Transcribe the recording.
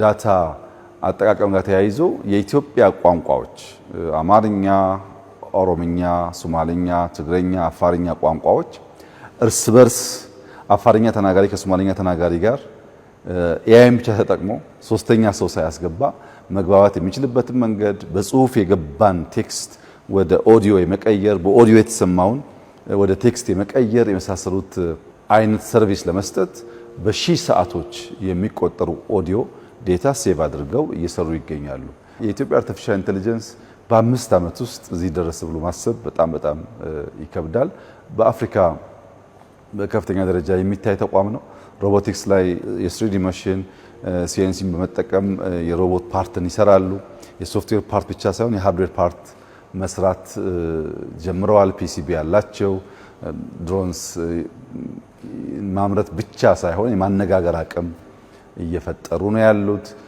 ዳታ አጠቃቀም ጋር ተያይዞ የኢትዮጵያ ቋንቋዎች አማርኛ፣ ኦሮምኛ፣ ሶማልኛ፣ ትግረኛ፣ አፋርኛ ቋንቋዎች እርስ በርስ አፋርኛ ተናጋሪ ከሶማልኛ ተናጋሪ ጋር ኤአይም ብቻ ተጠቅሞ ሶስተኛ ሰው ሳያስገባ መግባባት የሚችልበትን መንገድ በጽሁፍ የገባን ቴክስት ወደ ኦዲዮ የመቀየር በኦዲዮ የተሰማውን ወደ ቴክስት የመቀየር የመሳሰሉት አይነት ሰርቪስ ለመስጠት በሺህ ሰዓቶች የሚቆጠሩ ኦዲዮ ዴታ ሴቭ አድርገው እየሰሩ ይገኛሉ። የኢትዮጵያ አርቲፊሻል ኢንቴሊጀንስ በአምስት ዓመት ውስጥ እዚህ ደረስ ብሎ ማሰብ በጣም በጣም ይከብዳል። በአፍሪካ በከፍተኛ ደረጃ የሚታይ ተቋም ነው። ሮቦቲክስ ላይ የስሪዲ መሽን ሲኤንሲን በመጠቀም የሮቦት ፓርትን ይሰራሉ። የሶፍትዌር ፓርት ብቻ ሳይሆን የሃርድዌር ፓርት መስራት ጀምረዋል። ፒሲቢ ያላቸው ድሮንስ ማምረት ብቻ ሳይሆን የማነጋገር አቅም እየፈጠሩ ነው ያሉት።